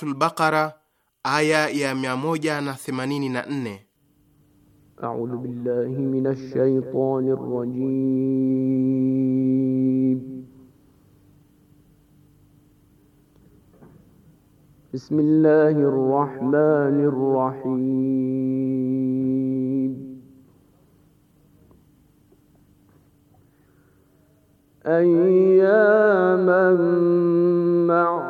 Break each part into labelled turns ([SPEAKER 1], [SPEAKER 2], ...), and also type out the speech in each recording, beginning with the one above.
[SPEAKER 1] Suratul Baqara aya ya 184.
[SPEAKER 2] A'udhu billahi minash shaitanir rajim. Bismillahir rahmanir rahim. Ayyaman ma'a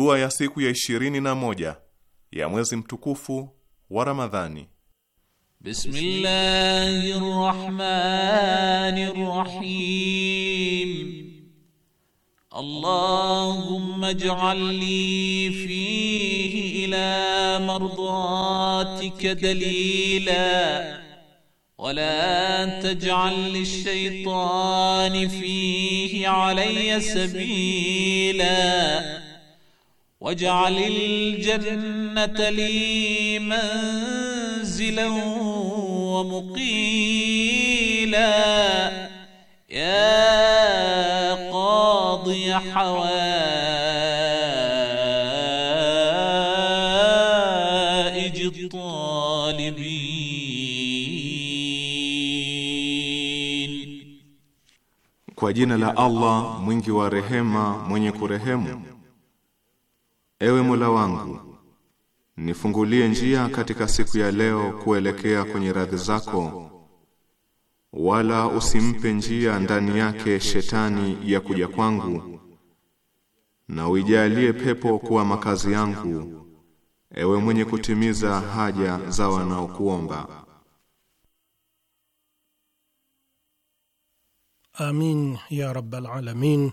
[SPEAKER 1] Dua ya siku ya ishirini na moja ya mwezi mtukufu wa Ramadhani.
[SPEAKER 2] Bismillahirrahmanirrahim. Allahumma ij'al fihi ila mardatika dalila ولا تجعل للشيطان فيه علي سبيلا واجعل الجنة لي منزلا ومقيلا يا قاضي حوائج الطالبين
[SPEAKER 3] Kwa jina la Allah mwingi wa rehema mwenye kurehemu Ewe Mola wangu, nifungulie njia katika siku ya leo kuelekea kwenye radhi zako, wala usimpe njia ndani yake shetani ya kuja kwangu, na uijalie
[SPEAKER 1] pepo kuwa makazi yangu, ewe mwenye kutimiza haja za
[SPEAKER 4] wanaokuomba.
[SPEAKER 1] Amin ya rabbal alamin.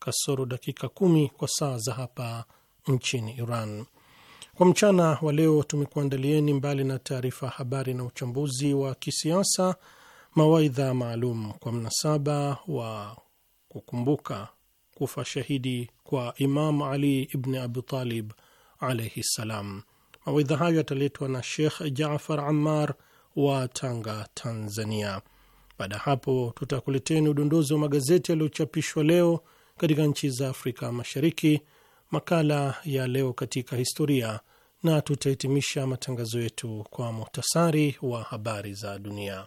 [SPEAKER 1] kasoro dakika kumi kwa saa za hapa nchini Iran. Kwa mchana wa leo tumekuandalieni mbali na taarifa habari na uchambuzi wa kisiasa, mawaidha maalum kwa mnasaba wa kukumbuka kufa shahidi kwa Imam Ali ibn Abi Talib alaihi ssalam. Mawaidha hayo yataletwa na shekh Jafar Ammar wa Tanga, Tanzania. Baada ya hapo, tutakuleteni udondozi wa magazeti yaliyochapishwa leo katika nchi za Afrika Mashariki, makala ya leo katika historia, na tutahitimisha matangazo yetu kwa muhtasari wa habari za dunia.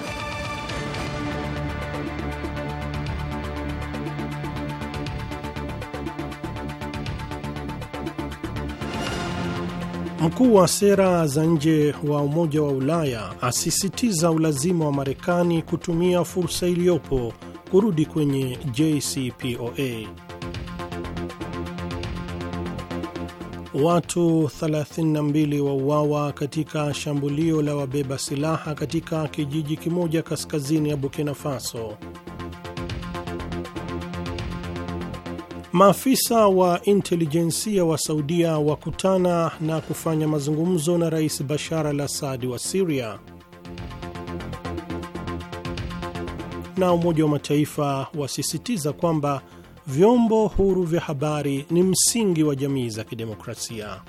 [SPEAKER 1] Mkuu wa sera za nje wa Umoja wa Ulaya asisitiza ulazima wa Marekani kutumia fursa iliyopo kurudi kwenye JCPOA. Watu 32 wauawa katika shambulio la wabeba silaha katika kijiji kimoja kaskazini ya Burkina Faso. Maafisa wa intelijensia wa Saudia wakutana na kufanya mazungumzo na Rais Bashar al Assadi wa Siria. Na Umoja wa Mataifa wasisitiza kwamba vyombo huru vya habari ni msingi wa jamii za kidemokrasia.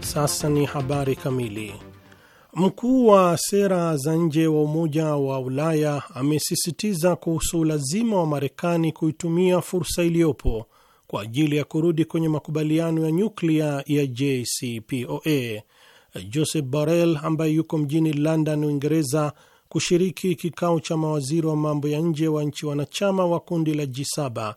[SPEAKER 1] Sasa ni habari kamili. Mkuu wa sera za nje wa Umoja wa Ulaya amesisitiza kuhusu ulazima wa Marekani kuitumia fursa iliyopo kwa ajili ya kurudi kwenye makubaliano ya nyuklia ya JCPOA. joseph Borrell ambaye yuko mjini London, Uingereza, kushiriki kikao cha mawaziri wa mambo ya nje wa nchi wanachama wa kundi la G7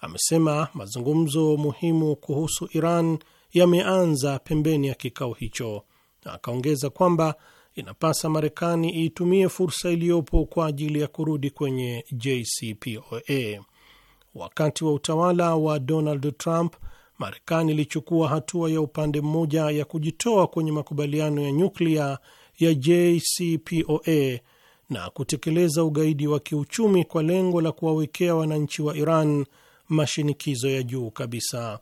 [SPEAKER 1] amesema mazungumzo muhimu kuhusu Iran yameanza pembeni ya kikao hicho na akaongeza kwamba inapasa Marekani iitumie fursa iliyopo kwa ajili ya kurudi kwenye JCPOA. Wakati wa utawala wa Donald Trump, Marekani ilichukua hatua ya upande mmoja ya kujitoa kwenye makubaliano ya nyuklia ya JCPOA na kutekeleza ugaidi wa kiuchumi kwa lengo la kuwawekea wananchi wa Iran mashinikizo ya juu kabisa.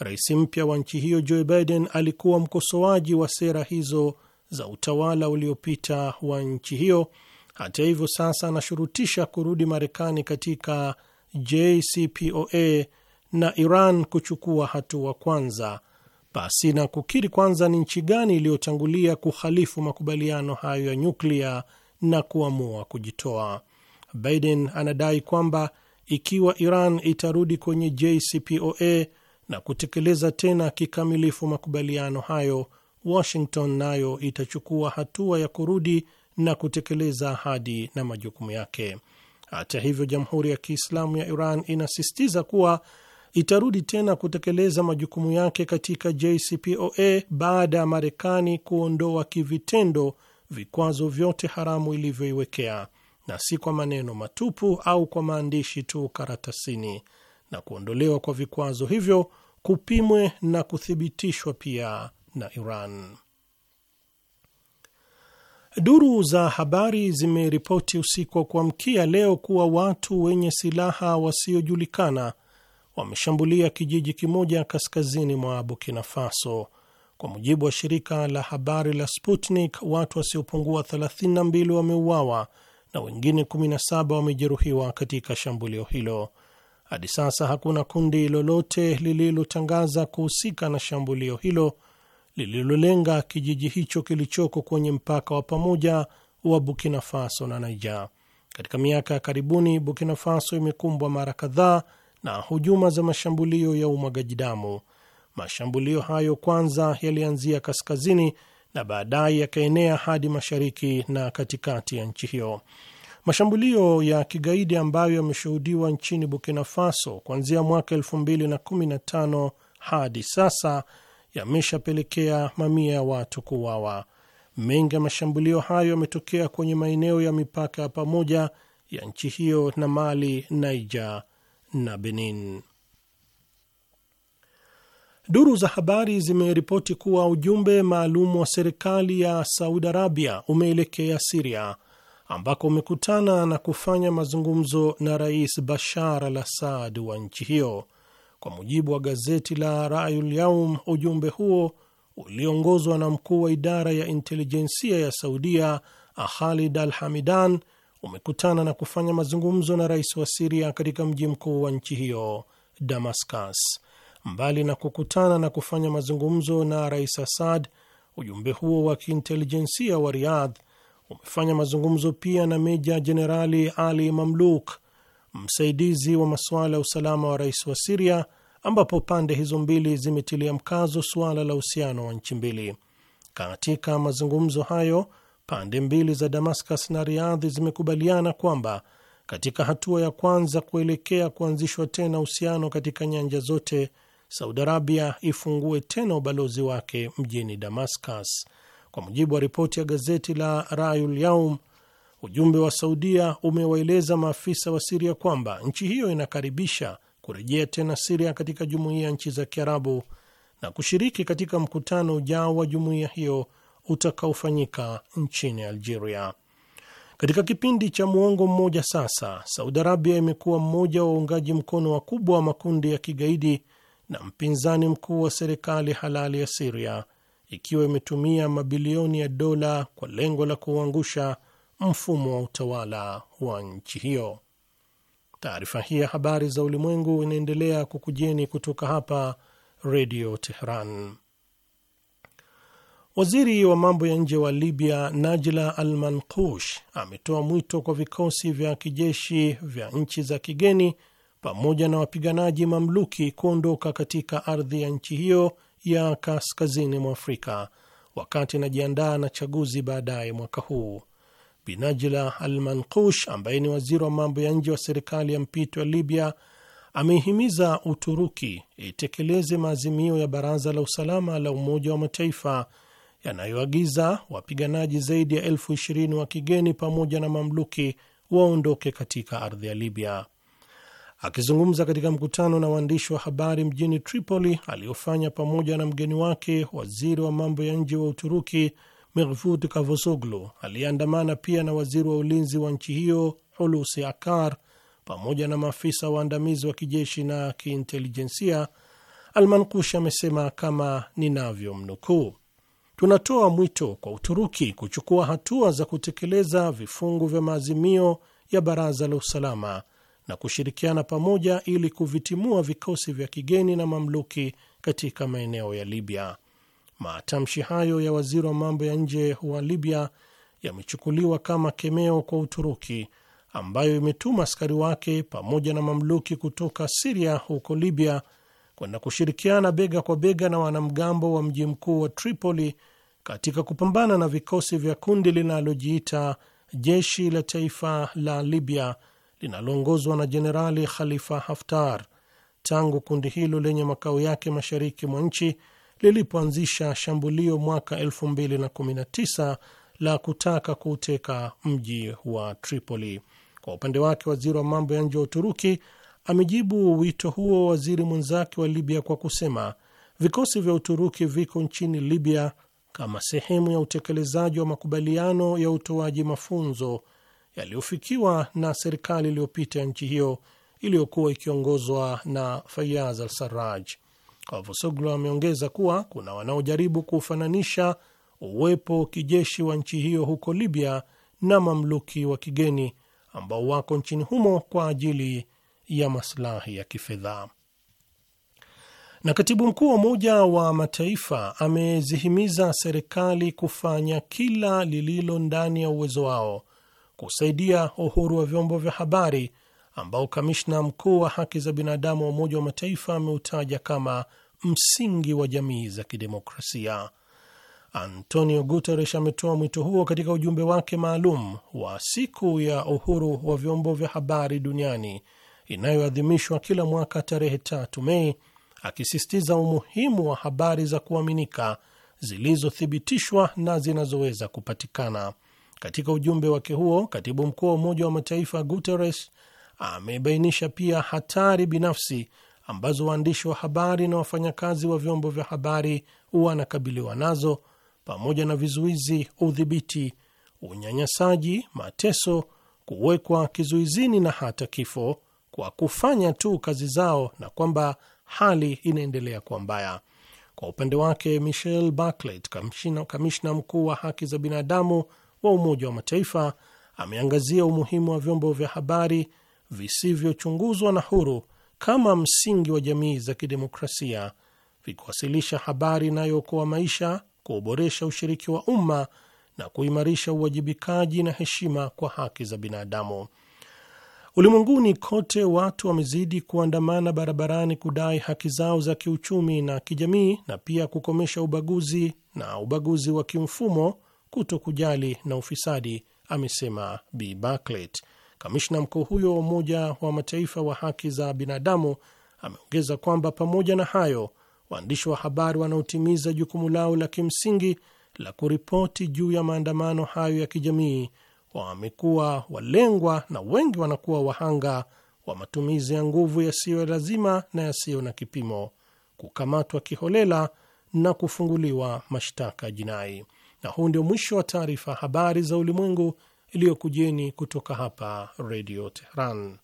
[SPEAKER 1] Rais mpya wa nchi hiyo Joe Biden alikuwa mkosoaji wa sera hizo za utawala uliopita wa nchi hiyo. Hata hivyo, sasa anashurutisha kurudi Marekani katika JCPOA na Iran kuchukua hatua kwanza, pasi na kukiri kwanza ni nchi gani iliyotangulia kuhalifu makubaliano hayo ya nyuklia na kuamua kujitoa. Biden anadai kwamba ikiwa Iran itarudi kwenye JCPOA na kutekeleza tena kikamilifu makubaliano hayo, Washington nayo itachukua hatua ya kurudi na kutekeleza ahadi na majukumu yake. Hata hivyo, Jamhuri ya Kiislamu ya Iran inasisitiza kuwa itarudi tena kutekeleza majukumu yake katika JCPOA baada ya Marekani kuondoa kivitendo vikwazo vyote haramu ilivyoiwekea, na si kwa maneno matupu au kwa maandishi tu karatasini na kuondolewa kwa vikwazo hivyo kupimwe na kuthibitishwa pia na Iran. Duru za habari zimeripoti usiku wa kuamkia leo kuwa watu wenye silaha wasiojulikana wameshambulia kijiji kimoja kaskazini mwa Burkina Faso. Kwa mujibu wa shirika la habari la Sputnik, watu wasiopungua 32 wameuawa na wengine 17 wamejeruhiwa katika shambulio hilo. Hadi sasa hakuna kundi lolote lililotangaza kuhusika na shambulio hilo lililolenga kijiji hicho kilichoko kwenye mpaka wa pamoja wa Burkina Faso na Niger. Katika miaka ya karibuni, Burkina Faso imekumbwa mara kadhaa na hujuma za mashambulio ya umwagaji damu. Mashambulio hayo kwanza yalianzia kaskazini na baadaye yakaenea hadi mashariki na katikati ya nchi hiyo. Mashambulio ya kigaidi ambayo yameshuhudiwa nchini Burkina Faso kuanzia mwaka 2015 hadi sasa yameshapelekea mamia ya watu kuuawa. Mengi ya mashambulio hayo yametokea kwenye maeneo ya mipaka ya pamoja ya nchi hiyo na Mali, Niger na Benin. Duru za habari zimeripoti kuwa ujumbe maalum wa serikali ya Saudi Arabia umeelekea Siria ambako umekutana na kufanya mazungumzo na Rais Bashar al Assad wa nchi hiyo. Kwa mujibu wa gazeti la Rayul Yaum, ujumbe huo ulioongozwa na mkuu wa idara ya intelijensia ya Saudia Khalid al Hamidan umekutana na kufanya mazungumzo na rais wa Siria katika mji mkuu wa nchi hiyo Damascus. Mbali na kukutana na kufanya mazungumzo na rais Assad, ujumbe huo wa kiintelijensia wa Riyadh umefanya mazungumzo pia na Meja Jenerali Ali Mamluk, msaidizi wa masuala ya usalama wa rais wa Siria, ambapo pande hizo mbili zimetilia mkazo suala la uhusiano wa nchi mbili. Katika mazungumzo hayo, pande mbili za Damascus na Riadhi zimekubaliana kwamba katika hatua ya kwanza kuelekea kuanzishwa tena uhusiano katika nyanja zote, Saudi Arabia ifungue tena ubalozi wake mjini Damascus. Kwa mujibu wa ripoti ya gazeti la Rayul Yaum, ujumbe wa Saudia umewaeleza maafisa wa Siria kwamba nchi hiyo inakaribisha kurejea tena Siria katika jumuiya ya nchi za Kiarabu na kushiriki katika mkutano ujao wa jumuiya hiyo utakaofanyika nchini Algeria. Katika kipindi cha muongo mmoja sasa, Saudi Arabia imekuwa mmoja wa waungaji mkono wakubwa wa makundi ya kigaidi na mpinzani mkuu wa serikali halali ya Siria ikiwa imetumia mabilioni ya dola kwa lengo la kuangusha mfumo wa utawala wa nchi hiyo. Taarifa hii ya habari za ulimwengu inaendelea kukujeni kutoka hapa Redio Tehran. Waziri wa mambo ya nje wa Libya Najla Al Manqush ametoa mwito kwa vikosi vya kijeshi vya nchi za kigeni pamoja na wapiganaji mamluki kuondoka katika ardhi ya nchi hiyo ya kaskazini mwa Afrika wakati anajiandaa na chaguzi baadaye mwaka huu. Binajla Almanqush ambaye ni waziri wa mambo ya nje wa serikali ya mpito ya Libya ameihimiza Uturuki itekeleze maazimio ya Baraza la Usalama la Umoja wa Mataifa yanayoagiza wapiganaji zaidi ya elfu ishirini wa kigeni pamoja na mamluki waondoke katika ardhi ya Libya. Akizungumza katika mkutano na waandishi wa habari mjini Tripoli aliyofanya pamoja na mgeni wake waziri wa mambo ya nje wa Uturuki Mevlut Cavusoglu, aliyeandamana pia na waziri wa ulinzi wa nchi hiyo Hulusi Akar pamoja na maafisa waandamizi wa kijeshi na kiintelijensia, Almankush amesema kama ninavyomnukuu, tunatoa mwito kwa Uturuki kuchukua hatua za kutekeleza vifungu vya maazimio ya Baraza la Usalama na kushirikiana pamoja ili kuvitimua vikosi vya kigeni na mamluki katika maeneo ya Libya. Matamshi hayo ya waziri wa mambo ya nje wa Libya yamechukuliwa kama kemeo kwa Uturuki ambayo imetuma askari wake pamoja na mamluki kutoka Siria huko Libya kwenda kushirikiana bega kwa bega na wanamgambo wa mji mkuu wa Tripoli katika kupambana na vikosi vya kundi linalojiita jeshi la taifa la Libya linaloongozwa na Jenerali Khalifa Haftar tangu kundi hilo lenye makao yake mashariki mwa nchi lilipoanzisha shambulio mwaka 2019 la kutaka kuuteka mji wa Tripoli. Kwa upande wake, waziri wa mambo ya nje wa Uturuki amejibu wito huo waziri mwenzake wa Libya kwa kusema vikosi vya Uturuki viko nchini Libya kama sehemu ya utekelezaji wa makubaliano ya utoaji mafunzo yaliyofikiwa na serikali iliyopita ya nchi hiyo iliyokuwa ikiongozwa na Fayaz al-Sarraj. Cavusoglu ameongeza kuwa kuna wanaojaribu kufananisha uwepo kijeshi wa nchi hiyo huko Libya na mamluki wa kigeni ambao wako nchini humo kwa ajili ya maslahi ya kifedha. Na katibu mkuu wa Umoja wa Mataifa amezihimiza serikali kufanya kila lililo ndani ya uwezo wao kusaidia uhuru wa vyombo vya habari ambao kamishna mkuu wa haki za binadamu wa Umoja wa Mataifa ameutaja kama msingi wa jamii za kidemokrasia. Antonio Guterres ametoa mwito huo katika ujumbe wake maalum wa siku ya uhuru wa vyombo vya habari duniani inayoadhimishwa kila mwaka tarehe tatu Mei, akisisitiza umuhimu wa habari za kuaminika zilizothibitishwa na zinazoweza kupatikana. Katika ujumbe wake huo, katibu mkuu wa Umoja wa Mataifa Guterres amebainisha pia hatari binafsi ambazo waandishi wa habari na wafanyakazi wa vyombo vya habari wanakabiliwa nazo pamoja na vizuizi, udhibiti, unyanyasaji, mateso, kuwekwa kizuizini na hata kifo kwa kufanya tu kazi zao, na kwamba hali inaendelea kuwa mbaya. Kwa upande wake, Michel Bachelet, kamishna mkuu wa haki za binadamu wa Umoja wa Mataifa ameangazia umuhimu wa vyombo vya habari visivyochunguzwa na huru kama msingi wa jamii za kidemokrasia, vikiwasilisha habari inayookoa maisha, kuboresha ushiriki wa umma na kuimarisha uwajibikaji na heshima kwa haki za binadamu. Ulimwenguni kote watu wamezidi kuandamana barabarani kudai haki zao za kiuchumi na kijamii na pia kukomesha ubaguzi na ubaguzi wa kimfumo kuto kujali na ufisadi, amesema b Baklet. Kamishna mkuu huyo wa Umoja wa Mataifa wa haki za binadamu ameongeza kwamba pamoja na hayo, waandishi wa habari wanaotimiza jukumu lao la kimsingi la kuripoti juu ya maandamano hayo ya kijamii wamekuwa walengwa na wengi wanakuwa wahanga wa matumizi ya nguvu yasiyo lazima na yasiyo na kipimo, kukamatwa kiholela na kufunguliwa mashtaka jinai. Na huu ndio mwisho wa taarifa habari za ulimwengu iliyokujeni kutoka hapa Redio Teheran.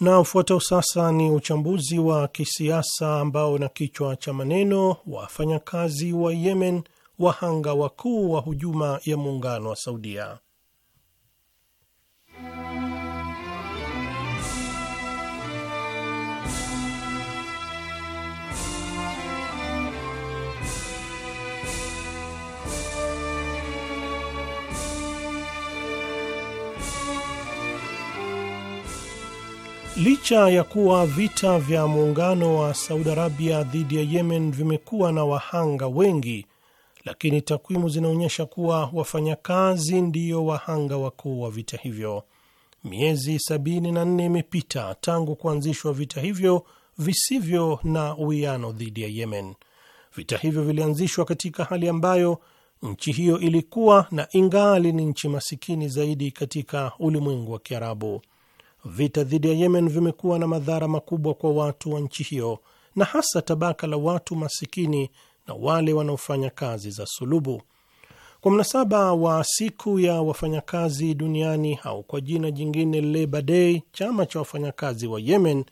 [SPEAKER 1] Na ufuatao sasa ni uchambuzi wa kisiasa ambao na kichwa cha maneno wafanyakazi wa Yemen wahanga wakuu wa hujuma ya muungano wa Saudia. Licha ya kuwa vita vya muungano wa Saudi Arabia dhidi ya Yemen vimekuwa na wahanga wengi lakini takwimu zinaonyesha kuwa wafanyakazi ndio wahanga wakuu wa vita hivyo. Miezi 74 imepita tangu kuanzishwa vita hivyo visivyo na uwiano dhidi ya Yemen. Vita hivyo vilianzishwa katika hali ambayo nchi hiyo ilikuwa na ingali ni nchi masikini zaidi katika ulimwengu wa Kiarabu. Vita dhidi ya Yemen vimekuwa na madhara makubwa kwa watu wa nchi hiyo na hasa tabaka la watu masikini na wale wanaofanya kazi za sulubu. Kwa mnasaba wa siku ya wafanyakazi duniani au kwa jina jingine Labor Day, chama cha wafanyakazi wa Yemen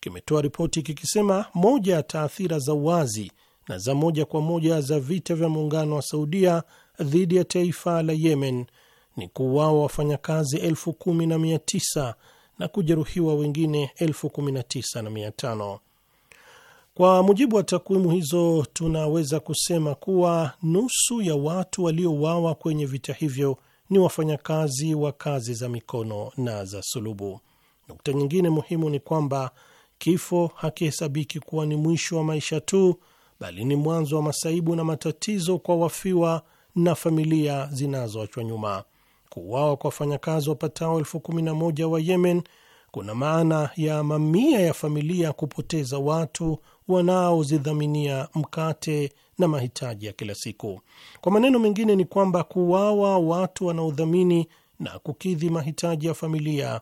[SPEAKER 1] kimetoa ripoti kikisema moja ya taathira za wazi na za moja kwa moja za vita vya muungano wa Saudia dhidi ya taifa la Yemen ni kuuawa wafanyakazi elfu kumi na mia tisa na kujeruhiwa wengine elfu kumi na tisa na mia tano. Kwa mujibu wa takwimu hizo, tunaweza kusema kuwa nusu ya watu waliouawa kwenye vita hivyo ni wafanyakazi wa kazi za mikono na za sulubu. Nukta nyingine muhimu ni kwamba kifo hakihesabiki kuwa ni mwisho wa maisha tu, bali ni mwanzo wa masaibu na matatizo kwa wafiwa na familia zinazoachwa nyuma. Kuuawa kwa wafanyakazi wapatao elfu kumi na moja wa Yemen kuna maana ya mamia ya familia kupoteza watu wanaozidhaminia mkate na mahitaji ya kila siku. Kwa maneno mengine, ni kwamba kuuawa watu wanaodhamini na kukidhi mahitaji ya familia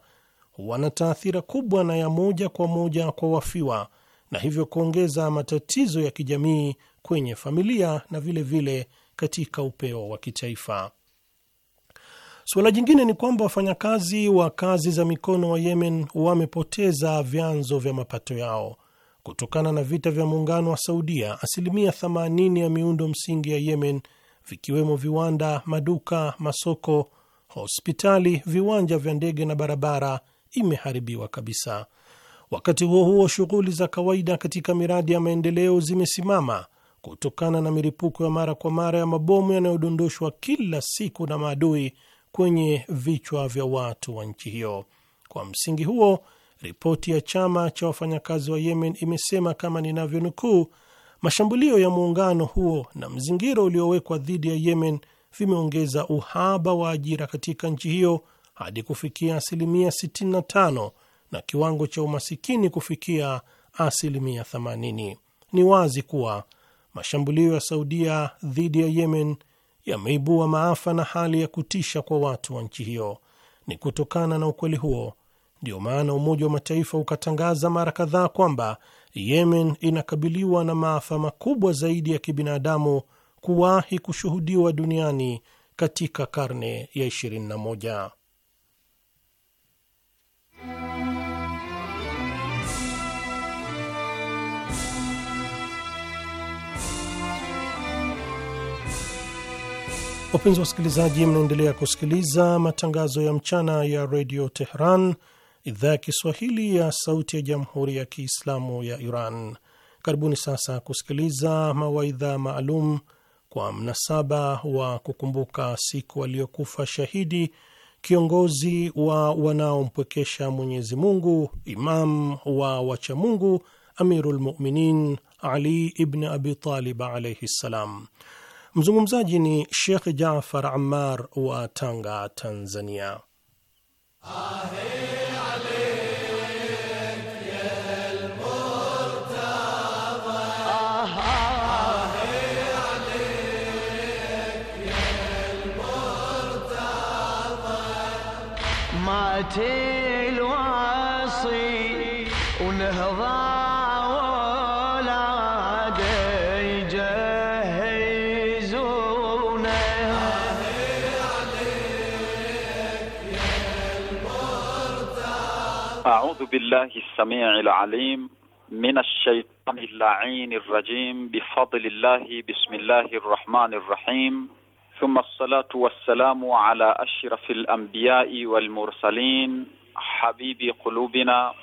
[SPEAKER 1] wana taathira kubwa na ya moja kwa moja kwa wafiwa na hivyo kuongeza matatizo ya kijamii kwenye familia na vilevile vile katika upeo wa kitaifa. Suala jingine ni kwamba wafanyakazi wa kazi za mikono wa Yemen wamepoteza vyanzo vya mapato yao kutokana na vita vya muungano wa Saudia, asilimia 80 ya miundo msingi ya Yemen, vikiwemo viwanda, maduka, masoko, hospitali, viwanja vya ndege na barabara, imeharibiwa kabisa. Wakati huo huo, shughuli za kawaida katika miradi ya maendeleo zimesimama kutokana na milipuko ya mara kwa mara ya mabomu yanayodondoshwa kila siku na maadui kwenye vichwa vya watu wa nchi hiyo. Kwa msingi huo Ripoti ya chama cha wafanyakazi wa Yemen imesema kama ninavyonukuu, mashambulio ya muungano huo na mzingiro uliowekwa dhidi ya Yemen vimeongeza uhaba wa ajira katika nchi hiyo hadi kufikia asilimia 65 na kiwango cha umasikini kufikia asilimia 80. Ni wazi kuwa mashambulio ya Saudia dhidi ya Yemen yameibua maafa na hali ya kutisha kwa watu wa nchi hiyo. Ni kutokana na ukweli huo ndio maana Umoja wa Mataifa ukatangaza mara kadhaa kwamba Yemen inakabiliwa na maafa makubwa zaidi ya kibinadamu kuwahi kushuhudiwa duniani katika karne ya 21. Wapenzi wasikilizaji, mnaendelea kusikiliza matangazo ya mchana ya redio Tehran, idhaa ya Kiswahili ya Sauti ya Jamhuri ya Kiislamu ya Iran. Karibuni sasa kusikiliza mawaidha maalum kwa mnasaba wa kukumbuka siku aliyokufa shahidi kiongozi wa wanaompwekesha Mwenyezi Mungu, Imam wa wachamungu amiru lmuminin Ali ibn Abi Talib alaihi ssalam. Mzungumzaji ni Shekh Jafar Ammar wa Tanga, Tanzania. Ahe.
[SPEAKER 2] راحتي الواصي ونهضى
[SPEAKER 4] أعوذ بالله السميع العليم من الشيطان اللعين الرجيم بفضل الله بسم الله الرحمن الرحيم ثم الصلاة والسلام على أشرف الأنبياء والمرسلين حبيب قلوبنا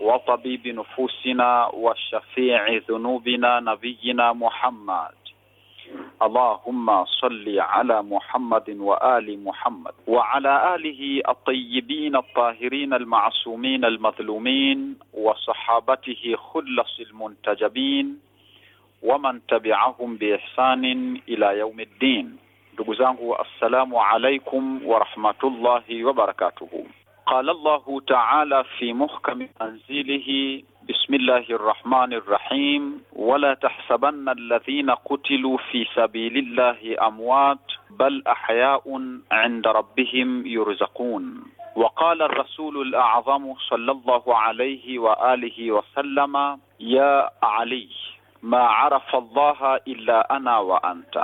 [SPEAKER 4] وطبيب نفوسنا وشفيع ذنوبنا نبينا محمد اللهم صل على محمد وآل محمد وعلى آله الطيبين الطاهرين المعصومين المظلومين وصحابته خلص المنتجبين ومن تبعهم بإحسان إلى يوم الدين ndugu zangu assalamu alaikum warahmatullahi wabarakatuhu qala llahu taala fi muhkami tanzilihi بسم الله الرحمن الرحيم ولا تحسبن الذين قتلوا في سبيل الله اموات بل احياء عند ربهم يرزقون وقال الرسول الاعظم صلى الله عليه واله وسلم يا علي ما عرف الله الا انا وانت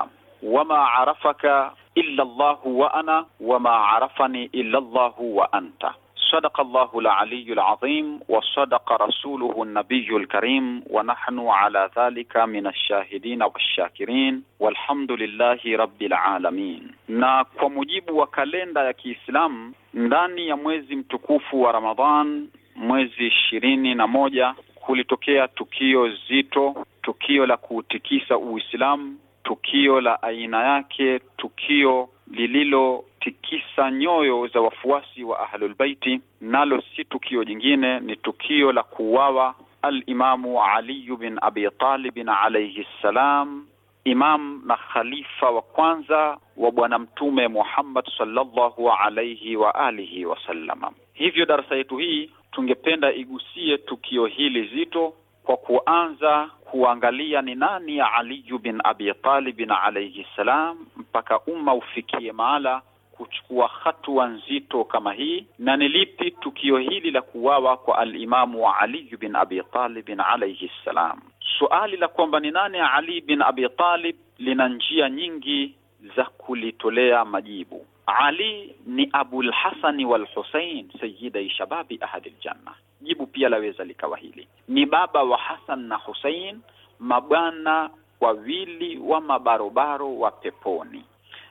[SPEAKER 4] wama arafaka illa llahu wa ana wama arafani illa llahu wa anta Sadaqa llahu laliyu aliyyu wa sadaqa rasuluhu nabiyu lkarim wa nahnu ala dhalika min alshahidina walshakirin walhamdu lilahi rabi lalamin. Na kwa mujibu wa kalenda ya Kiislamu, ndani ya mwezi mtukufu wa Ramadhan, mwezi ishirini na moja, kulitokea tukio zito, tukio la kuutikisa Uislamu tukio la aina yake, tukio lililotikisa nyoyo za wafuasi wa Ahlulbaiti, nalo si tukio jingine, ni tukio la kuuawa Alimamu Aliyu bin Abi Talibin alayhi ssalam, imam na khalifa wa kwanza wa Bwana Mtume Muhammad sallallahu alayhi wa alihi wasallama. Hivyo darasa yetu hii tungependa igusie tukio hili zito kwa kuanza kuangalia ni nani ya Aliyu bin Abi Talibin alayhi salam, mpaka umma ufikie mahala kuchukua hatua nzito kama hii. Na ni lipi tukio hili la kuwawa kwa alimamu wa Ali bin Abi Talibin alayhi salam? Suali la kwamba ni nani ya Ali bin Abi Talib lina njia nyingi za kulitolea majibu. Ali ni Abul Hasani wal Husain sayyiday shababi ahadil janna jibu pia laweza likawa hili: ni baba wa Hasan na Husein, mabwana wawili wa mabarobaro wa peponi,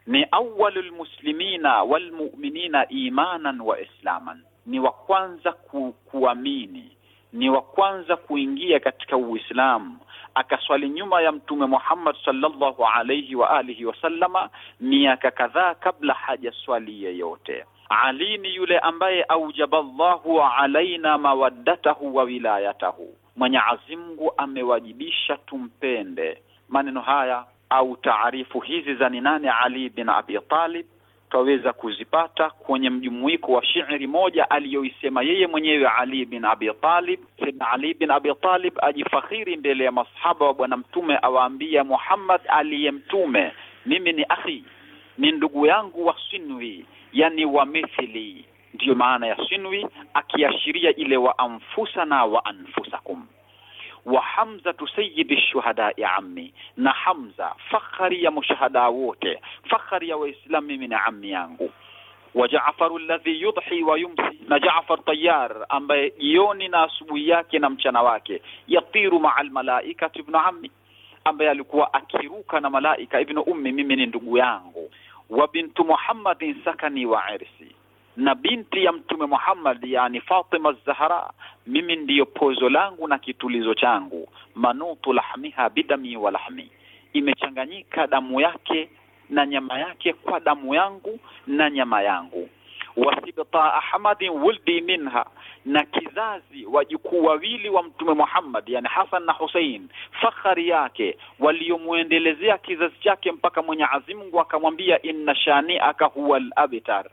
[SPEAKER 4] ni awwalul muslimina wal mu'minina imanan wa islaman, ni wa kwanza ku, kuamini ni wa kwanza kuingia katika Uislamu, akaswali nyuma ya Mtume Muhammad sallallahu alayhi wa alihi wasallama miaka kadhaa kabla hajaswali yeyote. Ali ni yule ambaye aujaba alaina mawaddatahu wa wilayatahu, Mwenyezi Mungu amewajibisha tumpende. Maneno haya au taarifu hizi za ni nani Ali bin Abi Talib twaweza kuzipata kwenye mjumuiko wa shiiri moja aliyoisema yeye mwenyewe Ali bin Abi Talib. Sayyidna Ali bin Abi Talib ajifakhiri mbele ya masahaba wa Bwana Mtume, awaambia Muhammad aliye mtume, mimi ni akhi ni ndugu yangu wa Sinwi, yani wa mithili. Ndiyo maana ya Sinwi, akiashiria ile wa anfusana wa anfusakum wa hamzatu sayyidi shuhada ya ammi, na Hamza fakhari ya mushahada wote, fakhari ya Waislamu, mimi na ammi yangu wa Jaafaru alladhi yudhi wa yumsi, na Jaafar tayar ambaye jioni na asubuhi yake na mchana wake, yatiru maa almalaikati ibn ammi, ambaye alikuwa akiruka na malaika. Ibn ummi, mimi ni ndugu yangu wa bintu Muhammadin sakani wa irsi, na binti ya Mtume Muhammad yani Fatima Zahra, mimi ndiyo pozo langu na kitulizo changu. Manutu lahmiha bidami wa lahmi, imechanganyika damu yake na nyama yake kwa damu yangu na nyama yangu wasibta ahmadin wuldi minha, na kizazi wajukuu wawili wa Mtume Muhammad, yani Hasan na Hussein, fakhari yake waliomwendelezea kizazi chake mpaka mwenye Mungu akamwambia inna shani'aka al abtar,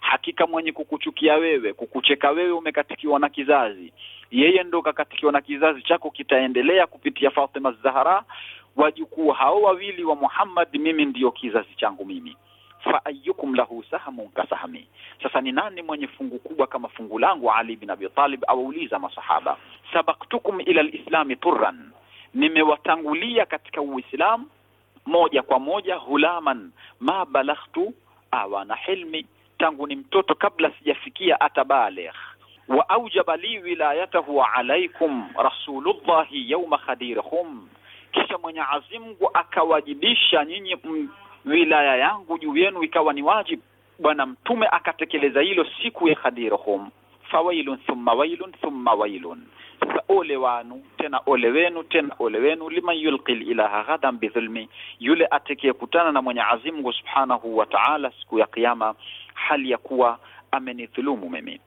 [SPEAKER 4] hakika mwenye kukuchukia wewe, kukucheka wewe, umekatikiwa na kizazi. Yeye ndo kakatikiwa na kizazi chako, kitaendelea kupitia Fatima Zahra. Wajukuu hao wawili wa Muhammad, mimi ndiyo kizazi changu mimi fa ayyukum lahu sahmun kasahmi, sasa ni nani mwenye fungu kubwa kama fungu langu? Ali bin Abi Talib awauliza masahaba, sabaktukum ila lislami turran, nimewatangulia katika Uislamu moja kwa moja. Hulaman ma balaghtu awana hilmi, tangu ni mtoto kabla sijafikia atabaligh wa aujaba li wilayatahu alaikum rasulullahi yauma khadirhum, kisha Mwenyezi Mungu akawajibisha nyinyi wilaya yangu juu yenu ikawa ni wajibu. Bwana Mtume akatekeleza hilo siku ya Ghadirhum, fawailun thumma wailun thumma wailun. Sasa ole wanu tena ole wenu tena ole wenu, liman yulqil ilaha ghadan bidhulmi, yule atakayekutana na Mwenyezi Mungu subhanahu wa Ta'ala siku ya Kiyama hali ya kuwa amenidhulumu mimi.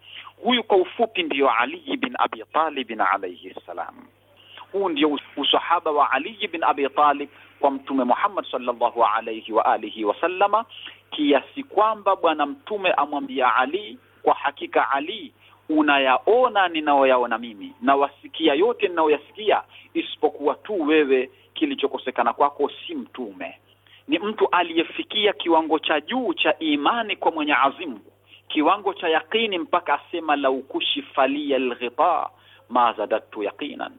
[SPEAKER 4] Huyu kwa ufupi ndiyo Ali bin Abi Talib alayhi salam. Huu ndio usahaba wa Ali bin Abi Talib kwa Mtume Muhammad sallallahu alayhi wa alihi wasallama, kiasi kwamba Bwana Mtume amwambia Ali, kwa hakika Ali, unayaona ninayoyaona mimi na wasikia yote ninayoyasikia, isipokuwa tu wewe kilichokosekana kwako si mtume, ni mtu aliyefikia kiwango cha juu cha imani kwa mwenye azimu kiwango cha yaqini, mpaka asema lau falia lghita ma zadadtu yaqinan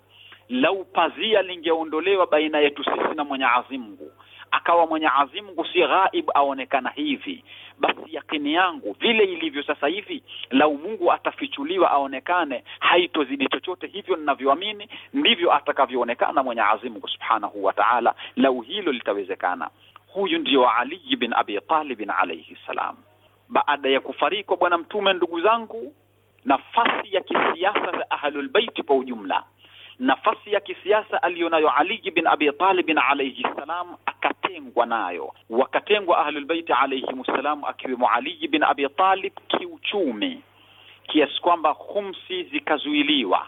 [SPEAKER 4] lau pazia lingeondolewa baina yetu sisi na Mwenyezi Mungu, akawa Mwenyezi Mungu si ghaib, aonekana hivi, basi yakini yangu vile ilivyo sasa hivi, lau Mungu atafichuliwa aonekane, haitozidi chochote. Hivyo ninavyoamini ndivyo atakavyoonekana Mwenyezi Mungu Subhanahu wa Ta'ala, lau hilo litawezekana. Huyu ndio Ali bin Abi Talib alayhi salam. Baada ya kufarikwa Bwana Mtume, ndugu zangu, nafasi ya kisiasa za Ahlul Bait kwa ujumla nafasi ya kisiasa aliyonayo Ali bin Abi Talib alayhi salam akatengwa nayo, wakatengwa Ahlulbeiti alayhim salam akiwemo Ali bin Abi Talib kiuchumi, kiasi kwamba khumsi zikazuiliwa.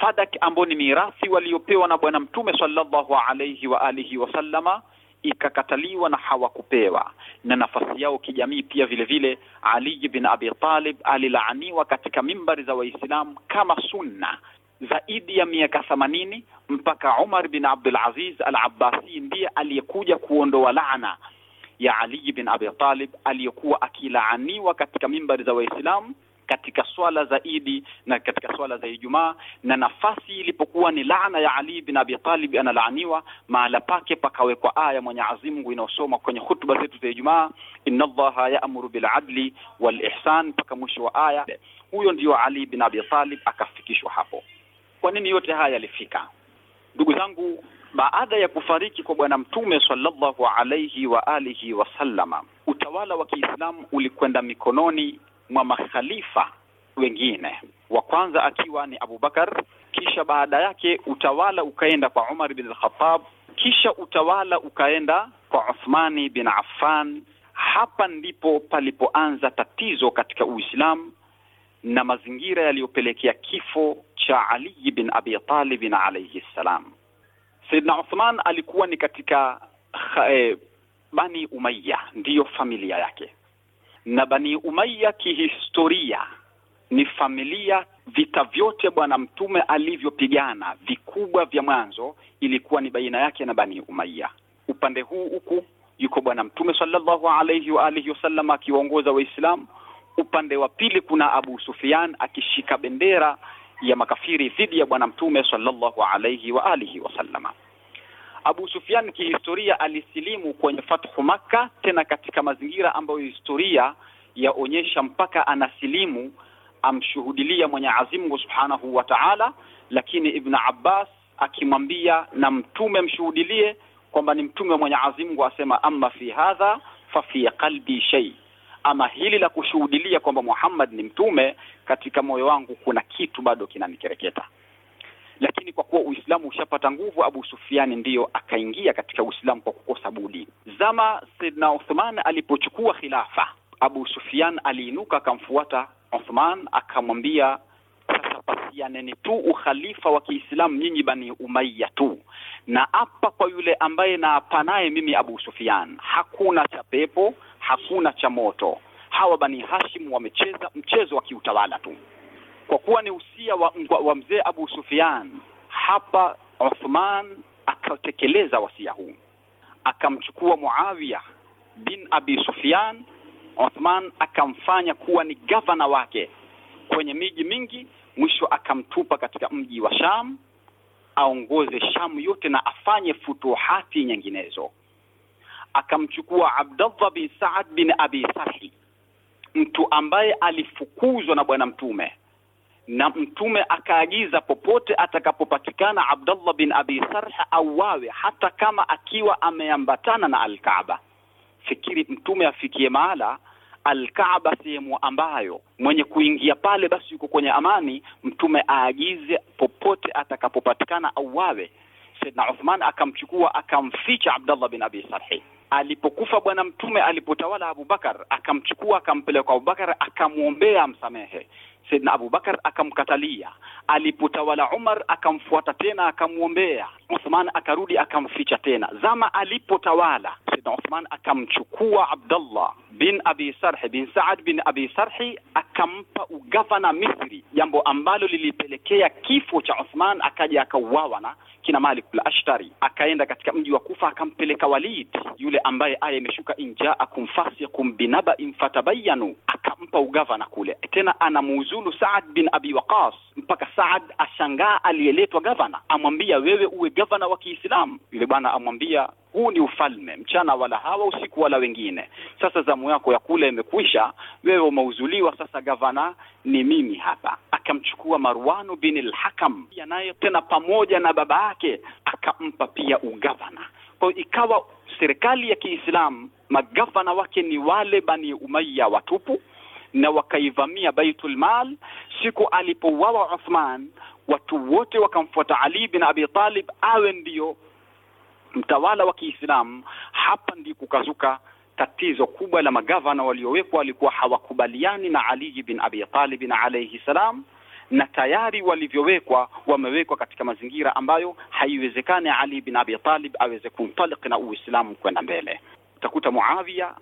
[SPEAKER 4] Fadak ambao ni mirathi waliopewa na Bwana Mtume sallallahu alayhi wa alihi wasallama ikakataliwa na hawakupewa, na nafasi yao kijamii pia vile vile. Ali bin Abi Talib alilaaniwa katika mimbari za Waislamu kama sunna zaidi ya miaka themanini mpaka Umar bin Abdul Aziz al-Abbasi ndiye aliyekuja kuondoa laana ya Ali bin Abi Talib aliyekuwa akilaaniwa katika mimbari za Waislamu katika swala za Idi na katika swala za Ijumaa, na nafasi ilipokuwa ni laana ya Ali bin Abi Talib analaaniwa, mahala pake pakawekwa aya Mwenyezi Mungu inayosoma kwenye hutuba zetu za Ijumaa, inna Allaha yaamuru bil adli wal ihsan, mpaka mwisho wa aya. Huyo ndiyo Ali bin Abi Talib akafikishwa hapo. Kwa nini yote haya yalifika? Ndugu zangu, baada ya kufariki kwa Bwana Mtume sallallahu alaihi wa alihi wasallama, utawala wa Kiislamu ulikwenda mikononi mwa makhalifa wengine, wa kwanza akiwa ni Abubakar, kisha baada yake utawala ukaenda kwa Umar bin al-Khattab, kisha utawala ukaenda kwa Uthmani bin Affan. Hapa ndipo palipoanza tatizo katika Uislamu na mazingira yaliyopelekea kifo cha Ali bin Abi Talib alayhi salam. Saidna Uthman alikuwa ni katika eh, Bani Umayya, ndiyo familia yake, na Bani Umayya kihistoria ni familia. Vita vyote Bwana Mtume alivyopigana vikubwa vya mwanzo ilikuwa ni baina yake na Bani Umayya. Upande huu huku yuko Bwana Mtume sallallahu alayhi wa alihi wasallam akiwaongoza Waislamu upande wa pili kuna Abu Sufyan akishika bendera ya makafiri dhidi ya Bwana Mtume sallallahu alayhi wa alihi wasallama. Abu Sufyan kihistoria alisilimu kwenye fathu Makka, tena katika mazingira ambayo historia yaonyesha mpaka anasilimu amshuhudilia Mwenyezi Mungu subhanahu wa taala, lakini Ibn Abbas akimwambia na mtume mshuhudilie kwamba ni mtume wa Mwenyezi Mungu, asema amma fi hadha fa fi qalbi shay ama hili la kushuhudilia kwamba Muhammad ni mtume, katika moyo wangu kuna kitu bado kinanikereketa. Lakini kwa kuwa Uislamu ushapata nguvu, Abu Sufiani ndiyo akaingia katika Uislamu kwa kukosa budi. Zama Saidna Uthman alipochukua khilafa, Abu Sufian aliinuka akamfuata Uthman akamwambia sasa pasianeni tu ukhalifa wa Kiislamu nyinyi Bani Umayya tu, na hapa kwa yule ambaye naapa naye mimi Abu Sufyan, hakuna cha pepo, hakuna cha moto. Hawa Bani Hashim wamecheza mchezo wa kiutawala tu, kwa kuwa ni usia wa, wa mzee Abu Sufyan. Hapa Uthman akatekeleza wasia huu, akamchukua Muawiya bin Abi Sufyan. Uthman akamfanya kuwa ni gavana wake kwenye miji mingi, mwisho akamtupa katika mji wa Sham aongoze Sham yote na afanye futuhati nyinginezo akamchukua Abdallah bin Saad bin Abi Sarhi, mtu ambaye alifukuzwa na bwana mtume na mtume akaagiza popote atakapopatikana Abdallah bin Abi Sarha auawe, hata kama akiwa ameambatana na Alkaaba. Fikiri mtume afikie mahala Alkaaba, sehemu ambayo mwenye kuingia pale basi yuko kwenye amani. Mtume aagize popote atakapopatikana auawe. Saidna Uthman akamchukua akamficha Abdallah bin Abi Sarhi alipokufa Bwana Mtume, alipotawala Abubakar, akamchukua akampeleka Abubakar, akamwombea amsamehe. Saidna Abubakar akamkatalia. Alipotawala Umar, akamfuata tena akamwombea. Uthman akarudi akamficha tena. Zama alipotawala Saidna Uthman akamchukua Abdallah bin Abi Sarhi bin Saad bin Abi Sarhi akampa ugavana Misri, jambo ambalo lilipelekea kifo cha Uthman, akaja akauawa na kina Malik al-Ashtari. Akaenda katika mji wa Kufa akampeleka Walid yule ambaye aya imeshuka injaakum fasiqun binabain fatabayanu, akampa ugavana kule. Tena anamuuzulu Saad bin Abi Waqas mpaka Saad ashangaa aliyeletwa gavana, amwambia wewe uwe gavana wa Kiislamu. Yule bwana amwambia huu ni ufalme, mchana wala hawa, usiku wala wengine. Sasa zamu yako ya kula imekwisha, wewe umeuzuliwa. Sasa gavana ni mimi hapa. Akamchukua Marwanu bin al-Hakam, naye tena pamoja na baba yake, akampa pia ugavana. Kwa hiyo ikawa serikali ya Kiislamu magavana wake ni wale Bani Umayya watupu, na wakaivamia Baitul Mal. Siku alipouawa Uthman watu wote wakamfuata Ali bin Abi Talib awe ndiyo mtawala wa Kiislamu. Hapa ndi kukazuka tatizo kubwa la magavana waliowekwa, walikuwa hawakubaliani na Ali bin Abi Talib alayhi salam, na tayari walivyowekwa wamewekwa katika mazingira ambayo haiwezekani Ali bin Abi Talib aweze kumtaliki na Uislamu kwenda mbele. Utakuta Muawiya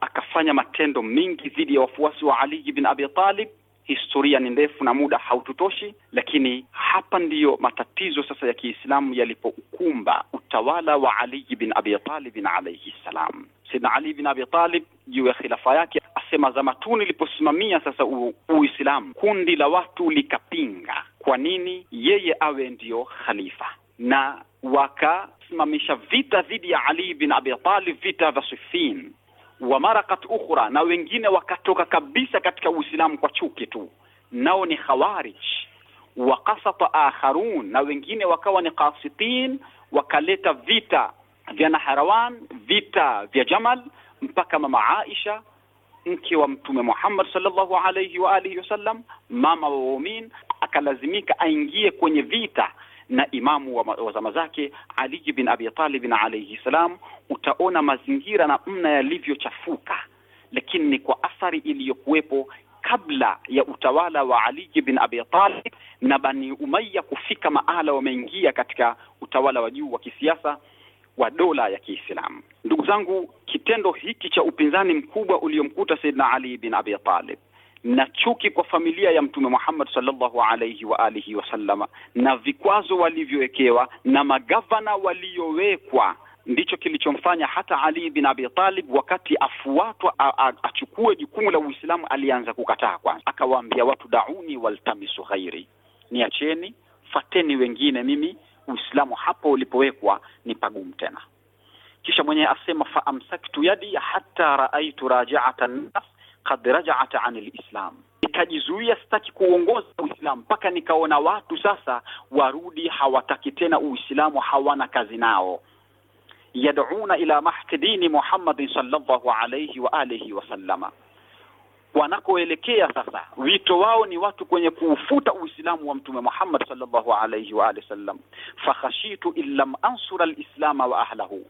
[SPEAKER 4] akafanya matendo mengi dhidi ya wafuasi wa Ali bin Abi Talib historia ni ndefu na muda haututoshi, lakini hapa ndiyo matatizo sasa ya Kiislamu yalipoukumba utawala wa Ali bin Abi Talib alayhi salam. Sayyidina Ali bin Abi Talib juu ya khilafa yake asema, zama tu niliposimamia sasa Uislamu, kundi la watu likapinga, kwa nini yeye awe ndiyo khalifa na wakasimamisha vita dhidi ya Ali bin Abi Talib, vita vya Siffin wa marakat ukhra, na wengine wakatoka kabisa katika Uislamu kwa chuki tu, nao ni khawarij. qasata akharun, na wengine wakawa ni kasitin, wakaleta vita vya Naharawan, vita vya Jamal, mpaka mama Aisha mke wa Mtume Muhammad sallallahu alayhi wa alihi wasallam, mama wa waumini, akalazimika aingie kwenye vita na imamu wa, wa zama zake Ali bin Abi Talib alayhi salam, utaona mazingira na mna yalivyochafuka, lakini ni kwa athari iliyokuwepo kabla ya utawala wa Ali bin Abi Talib na Bani Umayya kufika maala wameingia katika utawala wa juu wa kisiasa wa dola ya Kiislamu. Ndugu zangu, kitendo hiki cha upinzani mkubwa uliomkuta Saidna Ali bin Abi Talib na chuki kwa familia ya Mtume Muhammad sallallahu alaihi wa alihi wasallama, na vikwazo walivyowekewa na magavana waliowekwa ndicho kilichomfanya hata Ali bin Abi Talib wakati afuatwa achukue jukumu la Uislamu alianza kukataa kwanza, akawaambia watu dauni waltamisu ghairi, niacheni fateni wengine, mimi Uislamu hapo ulipowekwa ni pagumu tena. Kisha mwenyewe asema faamsaktu yadi hatta raaitu rajaata nnas kad raja'at an alislam, ikajizuia sitaki kuongoza Uislamu mpaka nikaona watu sasa warudi, hawataki tena Uislamu, hawana kazi nao. Yad'una ila mahki dini Muhammadin sallallahu alayhi wa alihi wa sallama, wanakoelekea sasa, wito wao ni watu kwenye kuufuta Uislamu wa Mtume Muhammad sallallahu alayhi wa alihi wasallam. Fakhashitu in lam ansura alislama wa ahlahu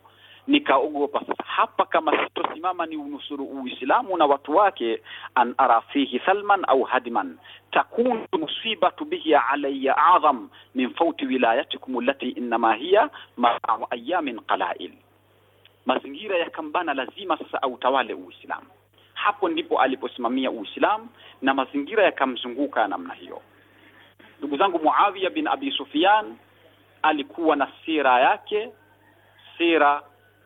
[SPEAKER 4] nikaogopa. Sasa hapa kama sitosimama ni unusuru Uislamu na watu wake, an ara fihi thalman au hadman takunu musibatu bihi alayya a'zam min fauti wilayatikum allati innama hiya ma'u ayamin qalail. Mazingira yakambana, lazima sasa autawale Uislamu. Hapo ndipo aliposimamia Uislamu na mazingira yakamzunguka namna hiyo. Ndugu zangu, Muawiya bin Abi Sufyan alikuwa na sira yake, sira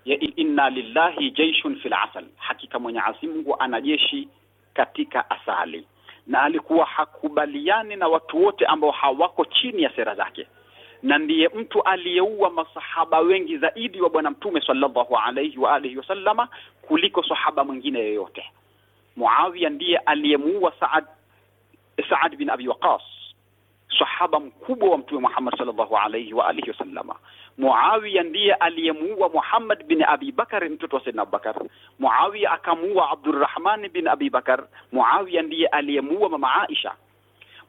[SPEAKER 4] ya inna lillahi jaishun fil asal, hakika Mwenyezi Mungu ana jeshi katika asali. Na alikuwa hakubaliani na watu wote ambao hawako chini ya sera zake, na ndiye mtu aliyeua masahaba wengi zaidi wa Bwana Mtume sallallahu alayhi wa alihi wasallama kuliko sahaba mwingine yoyote. Muawiya ndiye aliyemuua Saad, Saad bin Abi Waqas, sahaba mkubwa wa Mtume Muhammad sallallahu alayhi wa alihi wasallama. Muawiya ndiye aliyemuua Muhammad bin Abi Bakar, mtoto wa Saidna Abubakar. Muawiya akamuua Abdurrahman bin Abi Bakar. Muawiya ndiye aliyemuua mama Aisha.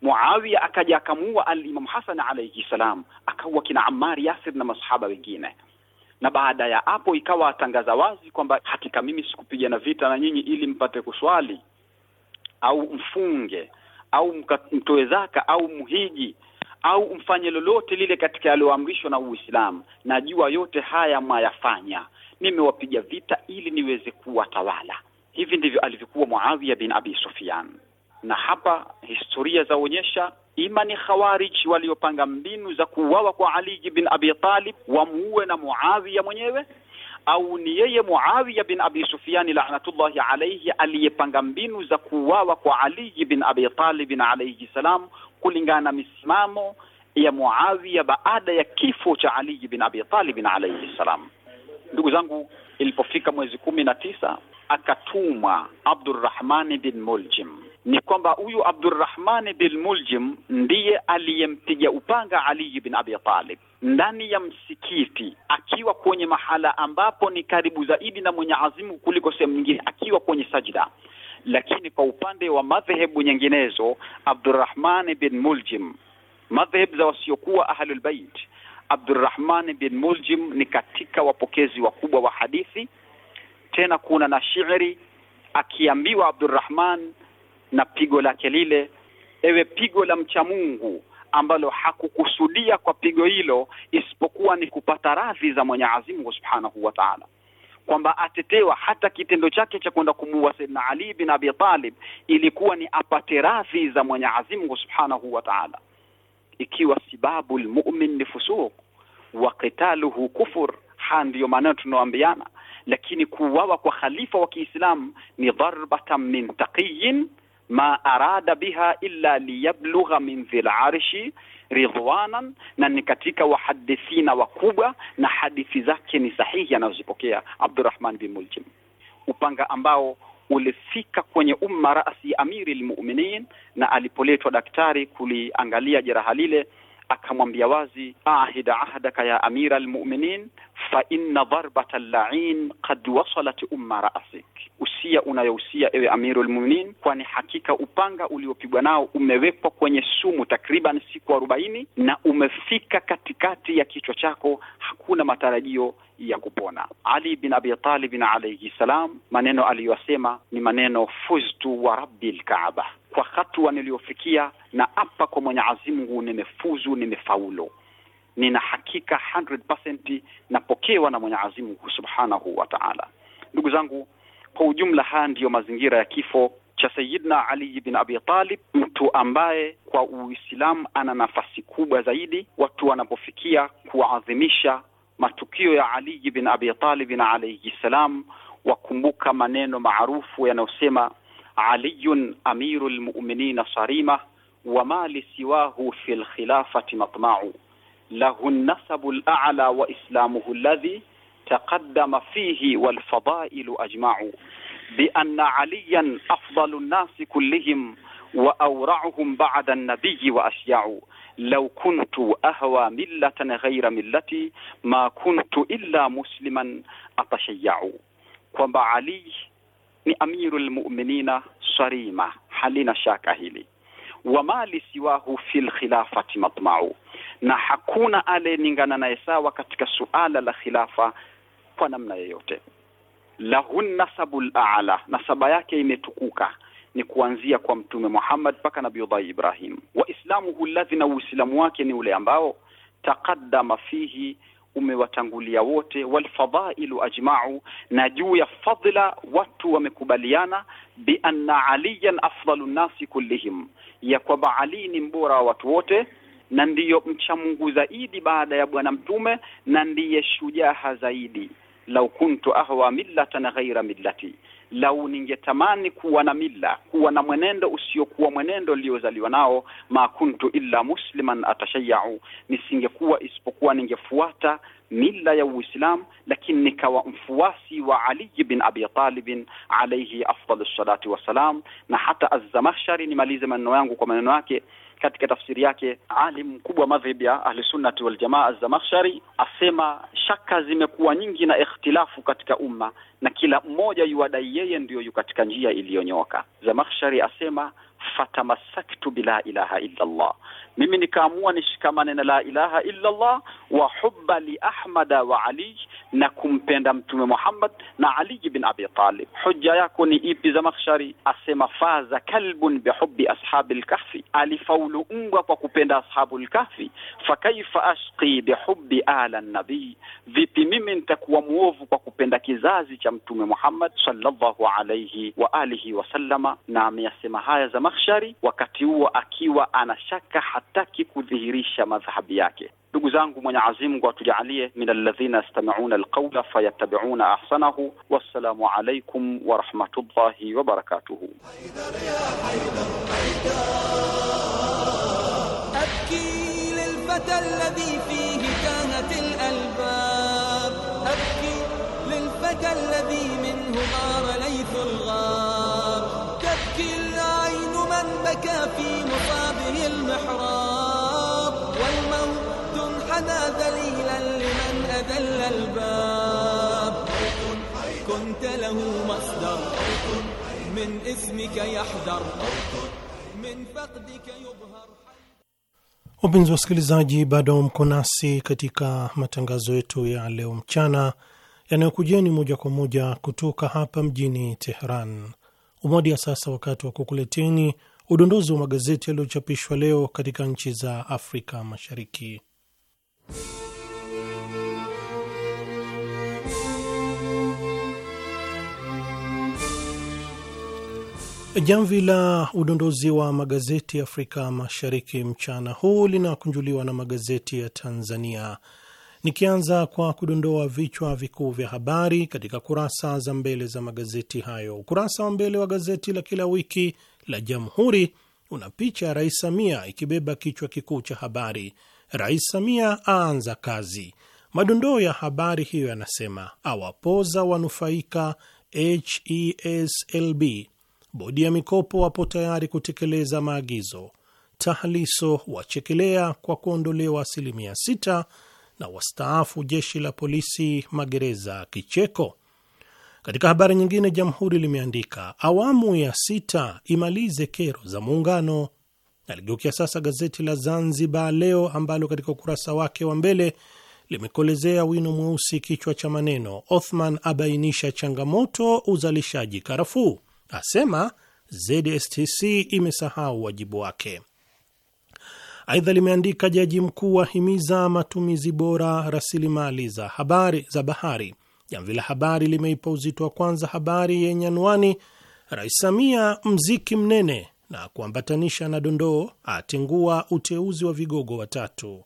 [SPEAKER 4] Muawiya akaja akamuua al-Imam Hasan alayhi salam, akaua kina Ammar Yasir na masahaba wengine. Na baada ya hapo ikawa atangaza wazi kwamba hakika mimi sikupigana vita na nyinyi ili mpate kuswali au mfunge au mtoe zaka au mhiji au mfanye lolote lile katika yaliyoamrishwa na Uislamu, najua yote haya mwayafanya, nimewapiga vita ili niweze kuwatawala. Hivi ndivyo alivyokuwa Muawiya bin Abi Sufyan, na hapa historia zaonyesha ima ni Khawarij waliopanga mbinu za kuuawa kwa Ali bin Abi Talib wamuue na Muawiya mwenyewe au ni yeye Muawiya bin Abi Sufyan laanatullahi alayhi aliyepanga mbinu za kuuawa kwa Ali bin Abi Talib alayhi salam kulingana na misimamo ya Muawiya baada ya kifo cha Ali bin Abi Talib alayhi salam. Ndugu zangu, ilipofika mwezi kumi na tisa akatumwa Abdurrahmani bin Muljim. Ni kwamba huyu Abdurrahmani bin Muljim ndiye aliyempiga upanga Ali bin Abi Talib ndani ya msikiti, akiwa kwenye mahala ambapo ni karibu zaidi na Mwenye Azimu kuliko sehemu nyingine, akiwa kwenye sajida lakini kwa upande wa madhehebu nyinginezo, Abdurrahman bin Muljim, madhehebu za wasiokuwa ahlul bait, Abdurrahman bin Muljim ni katika wapokezi wakubwa wa hadithi. Tena kuna na shiiri, akiambiwa Abdurrahman na pigo lake lile, ewe pigo la mcha Mungu ambalo hakukusudia kwa pigo hilo isipokuwa ni kupata radhi za Mwenyezi Mungu Subhanahu wa Ta'ala kwamba atetewa hata kitendo chake cha kwenda kumuua Saidna Ali bin Abi Talib ilikuwa ni apate radhi za Mwenyezi Mungu Subhanahu wa Ta'ala, ikiwa sababu almu'min ni fusuq wa qitaluhu kufur. Ha, ndiyo maana tunaoambiana, lakini kuuawa kwa khalifa wa Kiislamu ni darbatan min taqiyin ma arada biha illa liyablugha min dhil arshi ridwanan, na ni katika wahadithina wakubwa na hadithi zake ni sahihi anazozipokea Abdurrahman bin Muljim, upanga ambao ulifika kwenye umma rasi amiri lmuminin, na alipoletwa daktari kuliangalia jeraha lile akamwambia wazi, ahida ahdaka ya amira lmuminin fa inna dharbata llain qad wasalat umma rasik uhusia unayohusia ewe Amirul Mu'minin, kwani hakika upanga uliopigwa nao umewekwa kwenye sumu takriban siku arobaini na umefika katikati ya kichwa chako, hakuna matarajio ya kupona. Ali bin Abi Talibin alayhi salam, maneno aliyosema ni maneno fuztu wa rabbi lkaaba, kwa hatua niliyofikia na apa kwa Mwenyezi Mungu nimefuzu, nimefaulu nina hakika 100% napokewa na Mwenyezi Mungu subhanahu wa taala. Ndugu zangu, kwa ujumla, haya ndiyo mazingira ya kifo cha sayidna Ali bin Abi Talib, mtu ambaye kwa Uislamu ana nafasi kubwa zaidi watu wanapofikia kuadhimisha matukio ya Ali bin Abi Talib alayhi salam, wakumbuka maneno maarufu yanayosema aliyun amiru lmuminina sarima wa mali siwahu fi lkhilafati matmau lahu nasabu lala wa islamuhu ladhi تقدم فيه والفضائل اجمع بان عليا افضل الناس كلهم واورعهم بعد النبي واشيع لو كنت اهوى مله غير ملتي ما كنت الا مسلما اتشيع كما علي امير المؤمنين صريمه حلنا شاكهلي وما لسواه في الخلافه مطمع na hakuna aliyeningana naye sawa katika suala la kwa namna yoyote. Lahun nasabul a'la, nasaba yake imetukuka ni kuanzia kwa Mtume Muhammad mpaka Nabiullahi Ibrahim. wa islamuhu ladhi, na Uislamu wake ni ule ambao taqaddama fihi umewatangulia wote, walfadhailu ajma'u, na juu ya fadhila watu wamekubaliana, bi anna aliyan afdalu nasi kullihim, ya kwamba Ali ni mbora wa watu wote na ndiyo mcha Mungu zaidi baada ya Bwana Mtume na ndiye shujaa zaidi lau kuntu ahwa millatan ghaira millati, lau ningetamani kuwa na milla, kuwa na mwenendo usiokuwa mwenendo uliozaliwa nao. Ma kuntu illa musliman atashayau, nisingekuwa isipokuwa ningefuata milla ya Uislamu, lakini nikawa mfuasi wa Ali bin Abi Talib alayhi afdalus salatu wassalam. Na hata Az-Zamakhshari, nimalize maneno yangu kwa maneno yake katika tafsiri yake alim mkubwa wa madhhabi ya Ahlusunnati Waljamaa Zamakhshari asema shaka zimekuwa nyingi na ikhtilafu katika umma na kila mmoja yuwadai yeye ndiyo yu katika njia iliyonyoka. Zamakhshari asema fatamasaktu bila ilaha illa Allah, mimi nikaamua nishikamane na la ilaha illa Allah wa hubba li ahmada wa ali, na kumpenda Mtume Muhammad na Ali bin Abi Talib. hujja yako ni ipi? Zamakhshari asema faza kalbun bihubbi ashabi lkahfi, alifaulu ungwa kwa kupenda ashabu lkahfi. Fakaifa ashqi bihubbi ala nabii, vipi mimi nitakuwa mwovu kwa kupenda kizazi cha mtume Muhammad sallallahu alayhi wa alihi wasallama, na ameyasema haya Zamakhshari wakati huo akiwa anashaka, hataki kudhihirisha madhhabi yake. Ndugu zangu, Mwenyezi Mungu atujalie min alladhina yastami'una alqawla fayattabi'una ahsanahu. Wassalamu alaykum wa rahmatullahi wa barakatuh.
[SPEAKER 2] الذي فيه كانت الألباب ذاك الذي منه غار ليث الغار تبكي العين من بكى في مصابه المحراب والموت انحنى ذليلا لمن أذل الباب كنت له مصدر من اسمك يحذر
[SPEAKER 3] من فقدك يبهر
[SPEAKER 1] Wapenzi wasikilizaji, bado mko nasi katika matangazo yetu ya leo mchana yanayokujeni moja kwa moja kutoka hapa mjini Teheran. Umoja sasa wakati wa kukuleteni udondozi wa magazeti yaliyochapishwa leo katika nchi za Afrika Mashariki. Jamvi la udondozi wa magazeti Afrika Mashariki mchana huu linakunjuliwa na magazeti ya Tanzania nikianza kwa kudondoa vichwa vikuu vya habari katika kurasa za mbele za magazeti hayo. Ukurasa wa mbele wa gazeti la kila wiki la Jamhuri una picha ya Rais Samia ikibeba kichwa kikuu cha habari, Rais Samia aanza kazi. Madondoo ya habari hiyo yanasema awapoza wanufaika HESLB, bodi ya mikopo wapo tayari kutekeleza maagizo, tahliso wachekelea kwa kuondolewa asilimia sita na wastaafu jeshi la polisi magereza kicheko. Katika habari nyingine, Jamhuri limeandika awamu ya sita imalize kero za muungano. Naligeukia sasa gazeti la Zanzibar Leo ambalo katika ukurasa wake wa mbele limekolezea wino mweusi kichwa cha maneno, Othman abainisha changamoto uzalishaji karafuu, asema ZSTC imesahau wajibu wake. Aidha limeandika jaji mkuu wahimiza matumizi bora rasilimali za habari za bahari. Jamvi la Habari limeipa uzito wa kwanza habari yenye anwani Rais Samia mziki mnene, na kuambatanisha na dondoo, atengua uteuzi wa vigogo watatu,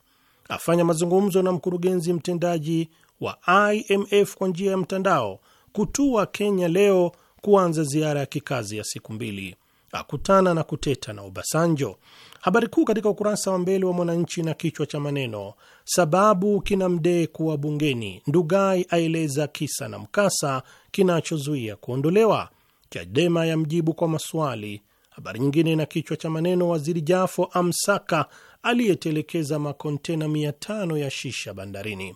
[SPEAKER 1] afanya mazungumzo na mkurugenzi mtendaji wa IMF kwa njia ya mtandao, kutua Kenya leo kuanza ziara ya kikazi ya siku mbili akutana na kuteta na Obasanjo. Habari kuu katika ukurasa wa mbele wa Mwananchi na kichwa cha maneno sababu kina Mdee kuwa bungeni, Ndugai aeleza kisa na mkasa kinachozuia kuondolewa, Chadema ya mjibu kwa maswali. Habari nyingine na kichwa cha maneno waziri Jafo amsaka aliyetelekeza makontena mia tano ya shisha bandarini.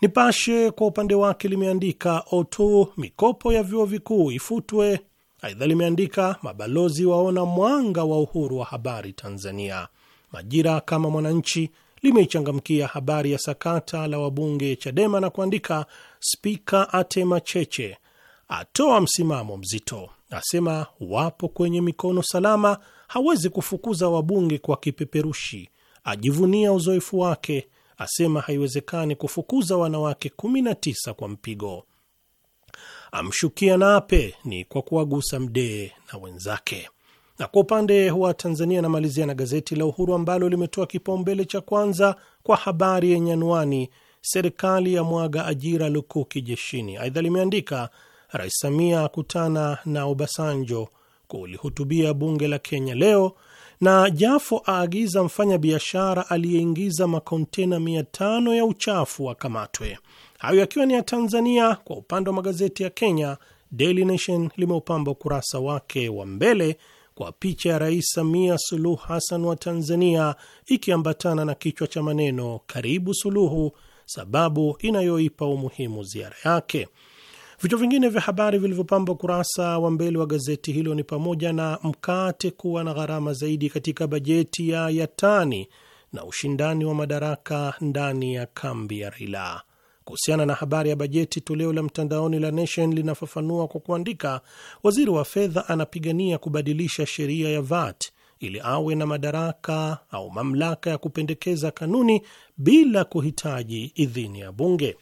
[SPEAKER 1] Nipashe kwa upande wake limeandika Otu, mikopo ya vyuo vikuu ifutwe Aidha limeandika mabalozi waona mwanga wa uhuru wa habari Tanzania. Majira kama Mwananchi limeichangamkia habari ya sakata la wabunge Chadema na kuandika spika atema cheche, atoa msimamo mzito, asema wapo kwenye mikono salama, hawezi kufukuza wabunge kwa kipeperushi, ajivunia uzoefu wake, asema haiwezekani kufukuza wanawake 19 kwa mpigo amshukia na ape ni kwa kuwagusa mdee na wenzake. Na kwa upande wa Tanzania, namalizia na gazeti la Uhuru ambalo limetoa kipaumbele cha kwanza kwa habari yenye anwani serikali ya mwaga ajira lukuki jeshini. Aidha limeandika Rais Samia akutana na Obasanjo kulihutubia bunge la Kenya leo, na Jafo aagiza mfanya biashara aliyeingiza makontena mia tano ya uchafu akamatwe. Hayo yakiwa ni ya Tanzania. Kwa upande wa magazeti ya Kenya, Daily Nation limeupamba ukurasa wake wa mbele kwa picha ya Rais Samia Suluhu Hassan wa Tanzania ikiambatana na kichwa cha maneno karibu Suluhu, sababu inayoipa umuhimu ziara yake. Vichwa vingine vya habari vilivyopamba ukurasa wa mbele wa gazeti hilo ni pamoja na mkate kuwa na gharama zaidi katika bajeti ya Yatani na ushindani wa madaraka ndani ya kambi ya Raila. Kuhusiana na habari ya bajeti, toleo la mtandaoni la Nation linafafanua kwa kuandika, waziri wa fedha anapigania kubadilisha sheria ya VAT ili awe na madaraka au mamlaka ya kupendekeza kanuni bila kuhitaji idhini ya bunge.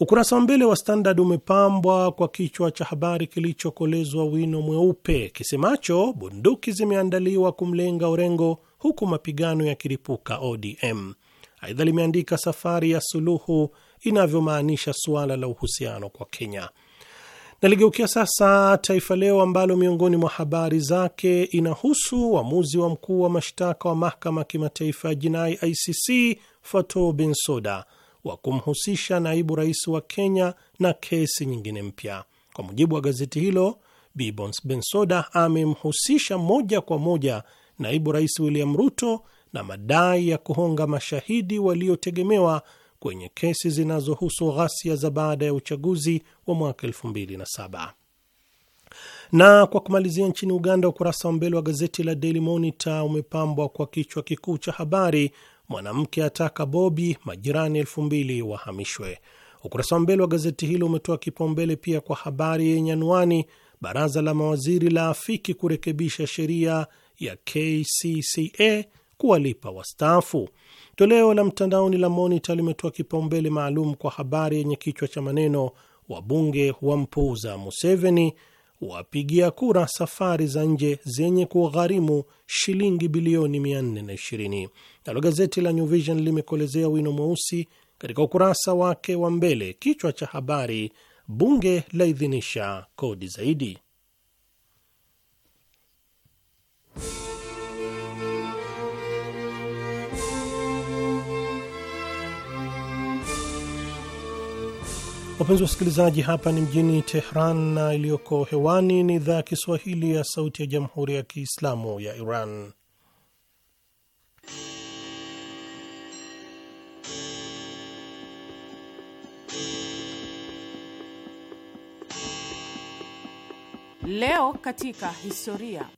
[SPEAKER 1] Ukurasa wa mbele wa Standard umepambwa kwa kichwa cha habari kilichokolezwa wino mweupe kisemacho bunduki zimeandaliwa kumlenga Orengo huku mapigano yakiripuka ODM. Aidha limeandika safari ya suluhu inavyomaanisha suala la uhusiano kwa Kenya. Naligeukia sasa Taifa Leo ambalo miongoni mwa habari zake inahusu uamuzi wa mkuu wa mashtaka wa mahakama ya kimataifa ya jinai ICC Fatou Bensouda wa kumhusisha naibu rais wa Kenya na kesi nyingine mpya. Kwa mujibu wa gazeti hilo, bibons Bensouda amemhusisha moja kwa moja naibu rais William Ruto na madai ya kuhonga mashahidi waliotegemewa kwenye kesi zinazohusu ghasia za baada ya uchaguzi wa mwaka 2007. Na kwa kumalizia, nchini Uganda, ukurasa wa mbele wa gazeti la Daily Monitor umepambwa kwa kichwa kikuu cha habari, mwanamke ataka Bobi majirani elfu mbili wahamishwe. Ukurasa wa mbele wa gazeti hilo umetoa kipaumbele pia kwa habari yenye anwani, baraza la mawaziri la afiki kurekebisha sheria ya KCCA kuwalipa wastaafu. Toleo la mtandaoni la Monita limetoa kipaumbele maalum kwa habari yenye kichwa cha maneno wabunge wampuuza Museveni, wapigia kura safari za nje zenye kugharimu shilingi bilioni 420. Nalo gazeti la New Vision limekolezea wino mweusi katika ukurasa wake wa mbele kichwa cha habari, bunge laidhinisha kodi zaidi. Wapenzi wasikilizaji, hapa ni mjini Tehran na iliyoko hewani ni idhaa ya Kiswahili ya Sauti ya Jamhuri ya Kiislamu ya Iran.
[SPEAKER 2] Leo katika historia.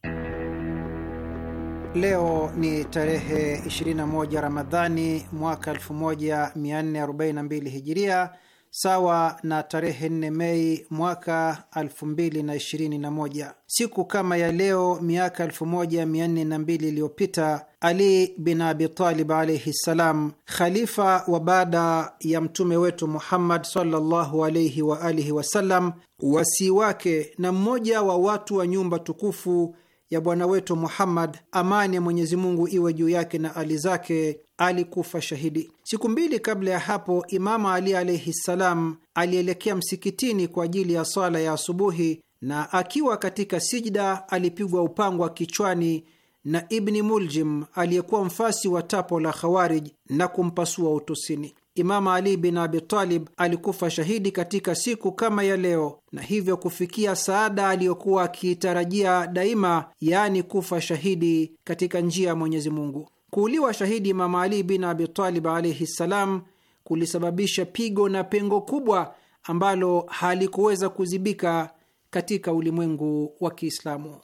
[SPEAKER 5] Leo ni tarehe 21 Ramadhani mwaka 1442 Hijiria, sawa na tarehe 4 Mei mwaka 2021. Siku kama ya leo miaka 1402 iliyopita, Ali bin Abi Talib alaihi ssalam, khalifa wa baada ya mtume wetu Muhammad sallallahu alaihi waalihi wasallam, wasii wake na mmoja wa watu wa nyumba tukufu ya bwana wetu Muhammad, amani ya Mwenyezi Mungu iwe juu yake na ali zake, alikufa shahidi. Siku mbili kabla ya hapo, Imamu Ali alaihi ssalam alielekea msikitini kwa ajili ya swala ya asubuhi, na akiwa katika sijda alipigwa upangwa kichwani na Ibni Muljim aliyekuwa mfasi wa tapo la Khawarij na kumpasua utosini. Imamu Ali bin Abi Talib alikufa shahidi katika siku kama ya leo, na hivyo kufikia saada aliyokuwa akiitarajia daima, yaani kufa shahidi katika njia ya Mwenyezi Mungu. Kuuliwa shahidi Imamu Ali bin Abi Talib alaihi ssalam kulisababisha pigo na pengo kubwa ambalo halikuweza kuzibika katika ulimwengu wa Kiislamu.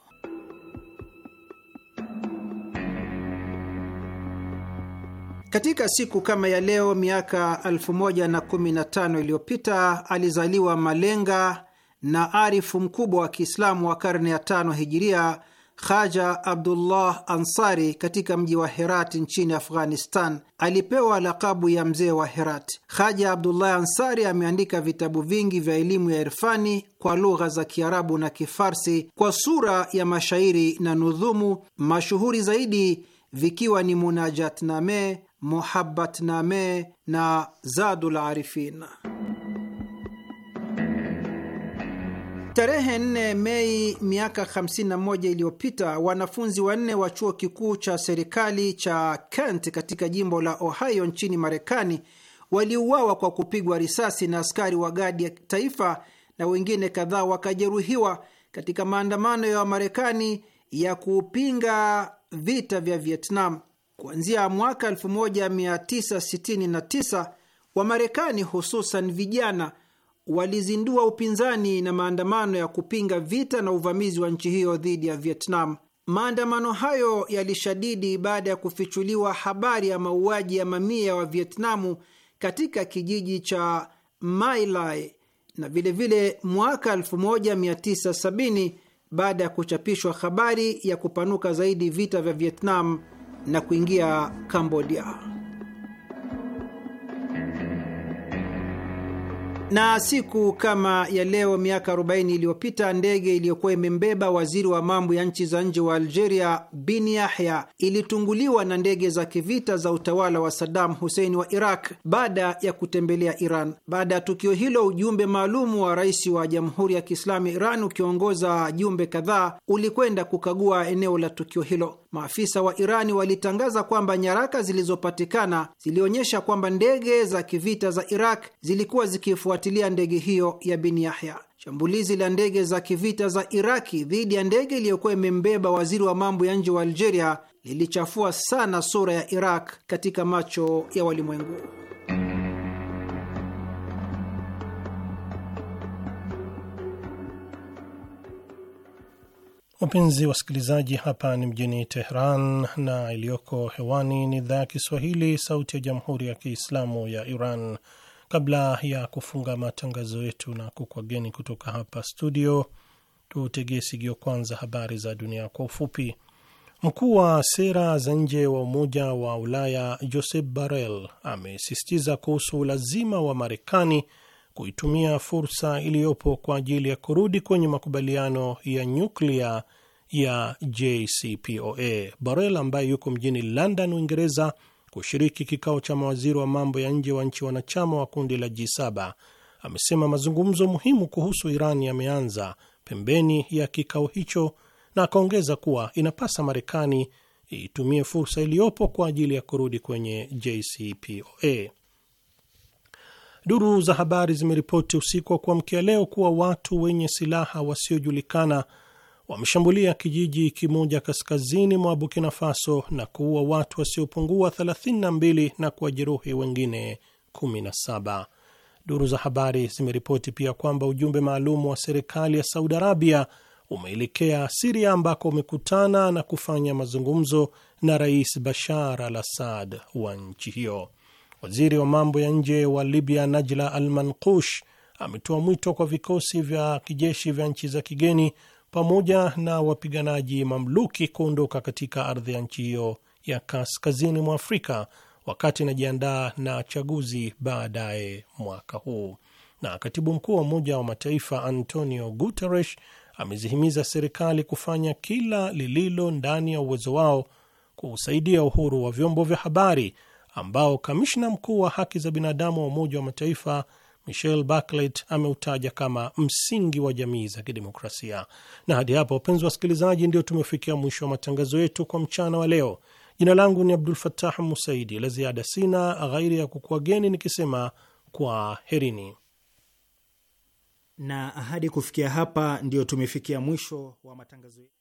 [SPEAKER 5] Katika siku kama ya leo miaka 1015 iliyopita alizaliwa malenga na arifu mkubwa wa Kiislamu wa karne ya tano hijiria Khaja Abdullah Ansari katika mji wa Herat nchini Afghanistan. Alipewa lakabu ya mzee wa Herat. Khaja Abdullah Ansari ameandika vitabu vingi vya elimu ya irfani kwa lugha za Kiarabu na Kifarsi kwa sura ya mashairi na nudhumu, mashuhuri zaidi vikiwa ni Munajatname, Name na Zadul Arifin. Tarehe 4 Mei miaka 51 iliyopita wanafunzi wanne wa chuo kikuu cha serikali cha Kent katika jimbo la Ohio nchini Marekani waliuawa kwa kupigwa risasi na askari wa gadi ya taifa na wengine kadhaa wakajeruhiwa katika maandamano ya Wamarekani ya kupinga vita vya Vietnam. Kuanzia mwaka 1969 Wamarekani hususan vijana walizindua upinzani na maandamano ya kupinga vita na uvamizi wa nchi hiyo dhidi ya Vietnam. Maandamano hayo yalishadidi baada ya kufichuliwa habari ya mauaji ya mamia wa Vietnamu katika kijiji cha My Lai na vilevile mwaka 1970 baada ya kuchapishwa habari ya kupanuka zaidi vita vya Vietnam na kuingia Kambodia. Na siku kama ya leo miaka 40 iliyopita ndege iliyokuwa imembeba waziri wa mambo ya nchi za nje wa Algeria Bin Yahya ilitunguliwa na ndege za kivita za utawala wa Saddam Hussein wa Iraq baada ya kutembelea Iran. Baada ya tukio hilo, ujumbe maalumu wa rais wa Jamhuri ya Kiislamu ya Iran ukiongoza jumbe kadhaa ulikwenda kukagua eneo la tukio hilo maafisa wa Irani walitangaza kwamba nyaraka zilizopatikana zilionyesha kwamba ndege za kivita za Iraq zilikuwa zikifuatilia ndege hiyo ya Bin Yahya. Shambulizi la ndege za kivita za Iraki dhidi ya ndege iliyokuwa imembeba waziri wa mambo ya nje wa Algeria lilichafua sana sura ya Iraq katika macho ya walimwengu.
[SPEAKER 1] Wapenzi wasikilizaji, hapa ni mjini teheran na iliyoko hewani ni idhaa ya Kiswahili, Sauti ya Jamhuri ya Kiislamu ya Iran. Kabla ya kufunga matangazo yetu na kukwageni kutoka hapa studio, tutegee sikio kwanza habari za dunia kwa ufupi. Mkuu wa sera za nje wa Umoja wa Ulaya Josep Borrell amesisitiza kuhusu ulazima wa Marekani kuitumia fursa iliyopo kwa ajili ya kurudi kwenye makubaliano ya nyuklia ya JCPOA. Borrell ambaye yuko mjini London, Uingereza, kushiriki kikao cha mawaziri wa mambo ya nje wa nchi wanachama wa kundi la G7 amesema mazungumzo muhimu kuhusu Iran yameanza pembeni ya kikao hicho, na akaongeza kuwa inapasa Marekani itumie fursa iliyopo kwa ajili ya kurudi kwenye JCPOA. Duru za habari zimeripoti usiku wa kuamkia leo kuwa watu wenye silaha wasiojulikana wameshambulia kijiji kimoja kaskazini mwa Burkina Faso na kuua watu wasiopungua 32 na kuwajeruhi wengine 17. Duru za habari zimeripoti pia kwamba ujumbe maalum wa serikali ya Saudi Arabia umeelekea Siria ambako umekutana na kufanya mazungumzo na Rais Bashar al Assad wa nchi hiyo. Waziri wa mambo ya nje wa Libya Najla Al-Manqush ametoa mwito kwa vikosi vya kijeshi vya nchi za kigeni pamoja na wapiganaji mamluki kuondoka katika ardhi ya nchi hiyo ya kaskazini mwa Afrika wakati inajiandaa na chaguzi baadaye mwaka huu. Na katibu mkuu wa Umoja wa Mataifa Antonio Guterres amezihimiza serikali kufanya kila lililo ndani ya uwezo wao kuusaidia uhuru wa vyombo vya habari ambao kamishna mkuu wa haki za binadamu wa Umoja wa Mataifa Michel Bachelet ameutaja kama msingi wa jamii za kidemokrasia. Na hadi hapa, wapenzi wa wasikilizaji, ndio tumefikia mwisho wa matangazo yetu kwa mchana wa leo. Jina langu ni Abdul fatah Musaidi. La ziada sina ghairi ya kukuageni nikisema kwa herini
[SPEAKER 3] na
[SPEAKER 5] ahadi. Kufikia hapa, ndio tumefikia mwisho wa matangazo yetu.